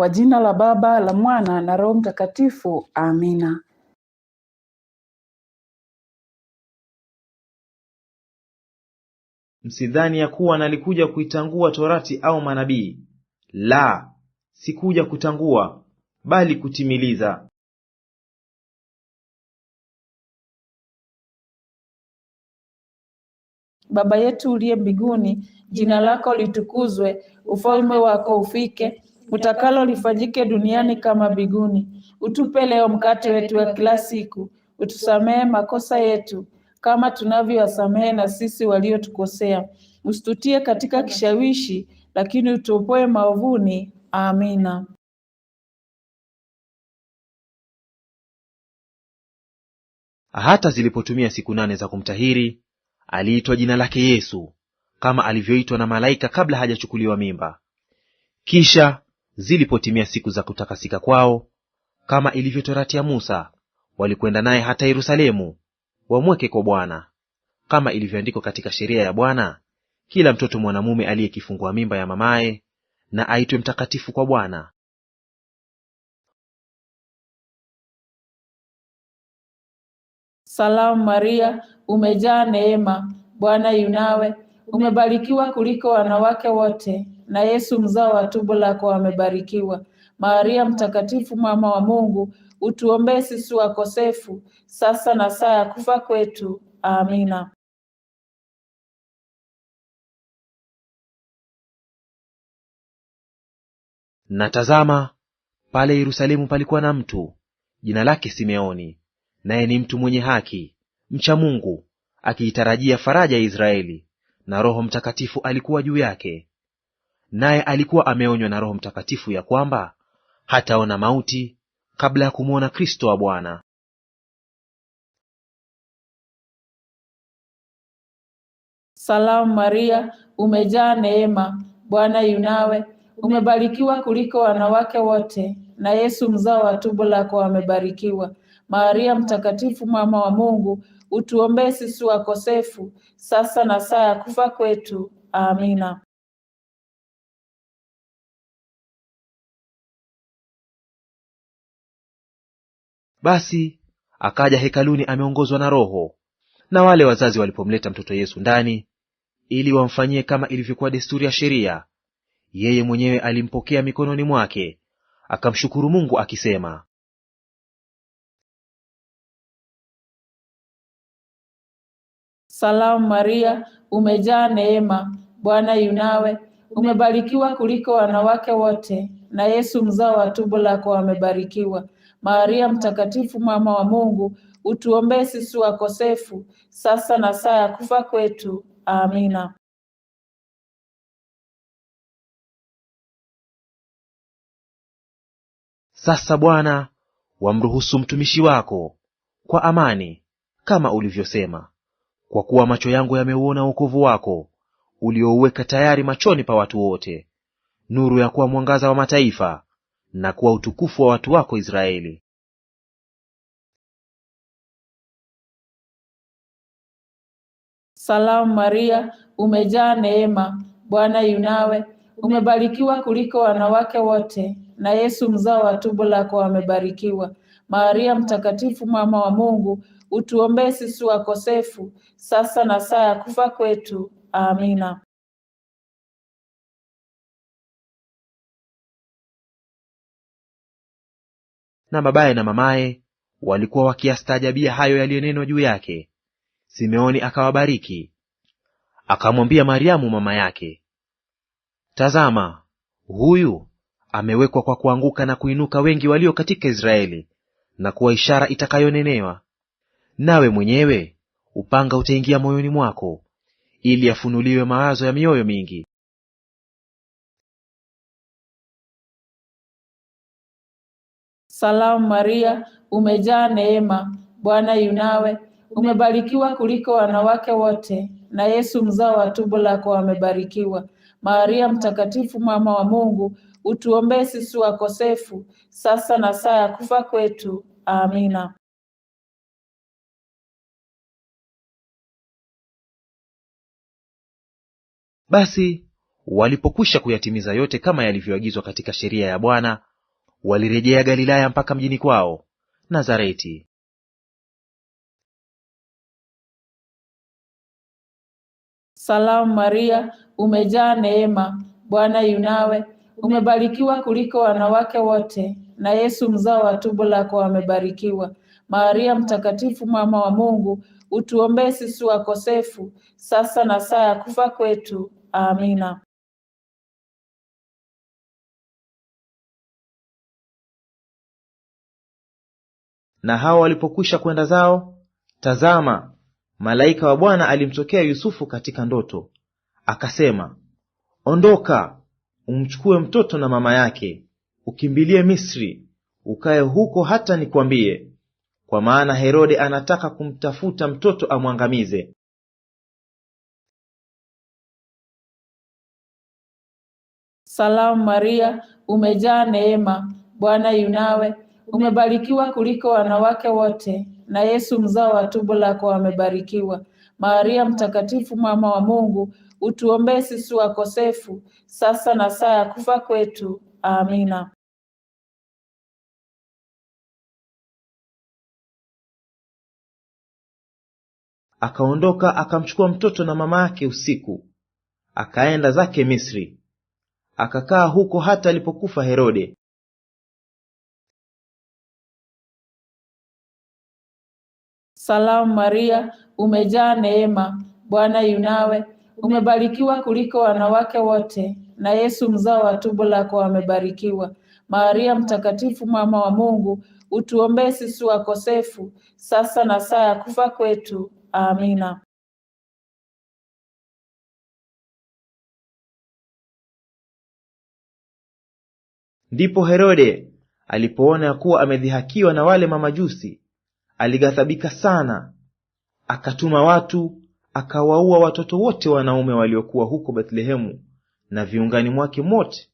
Kwa jina la Baba, la Mwana na Roho Mtakatifu. Amina. Msidhani ya kuwa nalikuja kuitangua torati au manabii; la, sikuja kutangua, bali kutimiliza. Baba yetu uliye mbinguni, jina lako litukuzwe, ufalme wako ufike utakalo lifanyike duniani kama biguni Utupe leo mkate wetu wa kila siku, utusamehe makosa yetu kama tunavyowasamehe na sisi waliotukosea, usitutie katika kishawishi, lakini utuopoe maovuni. Amina. Hata zilipotumia siku nane za kumtahiri, aliitwa jina lake Yesu, kama alivyoitwa na malaika kabla hajachukuliwa mimba. Kisha Zilipotimia siku za kutakasika kwao, kama ilivyo torati ya Musa, walikwenda naye hata Yerusalemu wamweke kwa Bwana, kama ilivyoandikwa katika sheria ya Bwana, kila mtoto mwanamume aliyekifungua mimba ya mamaye na aitwe mtakatifu kwa Bwana. Salamu Maria, umejaa neema, Bwana yunawe, umebarikiwa kuliko wanawake wote na Yesu mzao wa tumbo lako amebarikiwa. Maria Mtakatifu, mama wa Mungu, utuombee sisi wakosefu, sasa na saa ya kufa kwetu. Amina. natazama pale Yerusalemu palikuwa na mtu jina lake Simeoni, naye ni mtu mwenye haki, mcha Mungu, akiitarajia faraja ya Israeli, na Roho Mtakatifu alikuwa juu yake naye alikuwa ameonywa na Roho Mtakatifu ya kwamba hataona mauti kabla ya kumwona Kristo wa Bwana. Salamu Maria, umejaa neema, Bwana yunawe, umebarikiwa kuliko wanawake wote, na Yesu mzao wa tumbo lako amebarikiwa. Maria Mtakatifu, mama wa Mungu, utuombee sisi wakosefu, sasa na saa ya kufa kwetu. Amina. Basi akaja hekaluni ameongozwa na Roho. Na wale wazazi walipomleta mtoto Yesu ndani ili wamfanyie kama ilivyokuwa desturi ya sheria, yeye mwenyewe alimpokea mikononi mwake, akamshukuru Mungu akisema, Salamu Maria, umejaa neema, Bwana yunawe, umebarikiwa kuliko wanawake wote, na Yesu mzao wa tumbo lako amebarikiwa. Maria Mtakatifu, mama wa Mungu, utuombee sisi wakosefu, sasa na saa ya kufa kwetu. Amina. Sasa Bwana, wamruhusu mtumishi wako kwa amani, kama ulivyosema, kwa kuwa macho yangu yameuona wokovu wako uliouweka tayari machoni pa watu wote, nuru ya kuwa mwangaza wa mataifa na kuwa utukufu wa watu wako Israeli. Salamu Maria, umejaa neema, Bwana yunawe, umebarikiwa kuliko wanawake wote, na Yesu mzao wa tumbo lako amebarikiwa. Maria mtakatifu, mama wa Mungu, utuombee sisi wakosefu, sasa na saa ya kufa kwetu. Amina. na babaye na mamaye walikuwa wakiyastaajabia hayo yaliyonenwa juu yake. Simeoni akawabariki akamwambia Mariamu mama yake, tazama, huyu amewekwa kwa kuanguka na kuinuka wengi walio katika Israeli, na kuwa ishara itakayonenewa. Nawe mwenyewe upanga utaingia moyoni mwako, ili yafunuliwe mawazo ya mioyo mingi. Salamu Maria, umejaa neema, Bwana yunawe, umebarikiwa kuliko wanawake wote, na Yesu mzao wa tumbo lako amebarikiwa. Maria Mtakatifu, mama wa Mungu, utuombee sisi wakosefu, sasa na saa ya kufa kwetu. Amina. Basi walipokwisha kuyatimiza yote kama yalivyoagizwa katika sheria ya Bwana, walirejea Galilaya mpaka mjini kwao Nazareti. Salamu Maria, umejaa neema, Bwana yunawe, umebarikiwa kuliko wanawake wote, na Yesu mzao wa tumbo lako amebarikiwa. Maria Mtakatifu, mama wa Mungu, utuombee sisi wakosefu, sasa na saa ya kufa kwetu. Amina. Na hawa walipokwisha kwenda zao, tazama, malaika wa Bwana alimtokea Yusufu katika ndoto, akasema, Ondoka, umchukue mtoto na mama yake, ukimbilie Misri, ukae huko hata nikwambie, kwa maana Herode anataka kumtafuta mtoto amwangamize. Salamu Maria, umejaa neema, Bwana yunawe Umebarikiwa kuliko wanawake wote, na Yesu mzao wa tumbo lako amebarikiwa. Maria Mtakatifu, mama wa Mungu, utuombee sisi wakosefu, sasa na saa ya kufa kwetu. Amina. Akaondoka akamchukua mtoto na mama yake usiku, akaenda zake Misri, akakaa huko hata alipokufa Herode. Salamu Maria, umejaa neema, Bwana yunawe, umebarikiwa kuliko wanawake wote, na Yesu mzao wa tumbo lako amebarikiwa. Maria Mtakatifu, mama wa Mungu, utuombee sisi wakosefu, sasa na saa ya kufa kwetu. Amina. Ndipo Herode alipoona kuwa amedhihakiwa na wale mamajusi alighadhabika sana, akatuma watu akawaua watoto wote wanaume waliokuwa huko Bethlehemu na viungani mwake mote,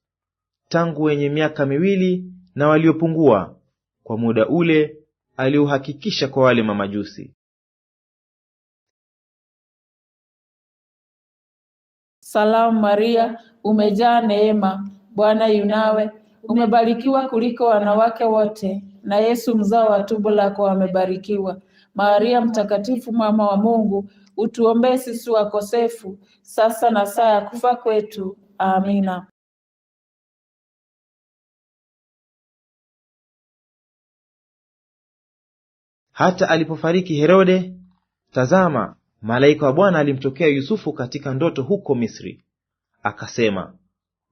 tangu wenye miaka miwili na waliopungua, kwa muda ule aliuhakikisha kwa wale mamajusi. Salamu Maria, umejaa neema, Bwana yunawe, umebarikiwa kuliko wanawake wote na Yesu mzao wa tumbo lako amebarikiwa. Maria Mtakatifu, mama wa Mungu, utuombee sisi wakosefu, sasa na saa ya kufa kwetu. Amina. Hata alipofariki Herode, tazama, malaika wa Bwana alimtokea Yusufu katika ndoto huko Misri, akasema,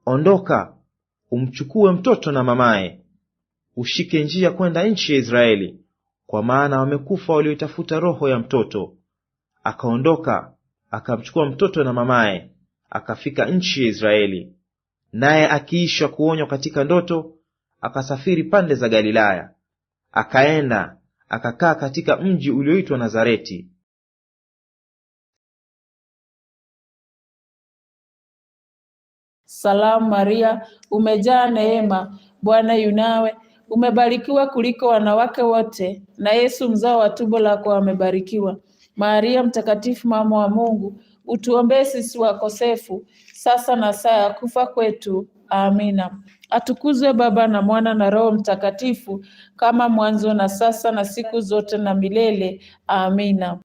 ondoka, umchukue mtoto na mamaye ushike njia kwenda nchi ya Israeli, kwa maana wamekufa walioitafuta roho ya mtoto. Akaondoka akamchukua mtoto na mamaye, akafika nchi ya Israeli. Naye akiisha kuonywa katika ndoto, akasafiri pande za Galilaya, akaenda akakaa katika mji ulioitwa Nazareti. Salamu Maria, umejaa neema, Bwana yunawe Umebarikiwa kuliko wanawake wote, na Yesu mzao wa tumbo lako amebarikiwa. Maria Mtakatifu, mama wa Mungu, utuombee sisi wakosefu, sasa na saa ya kufa kwetu. Amina. Atukuzwe Baba na Mwana na Roho Mtakatifu, kama mwanzo na sasa na siku zote na milele. Amina.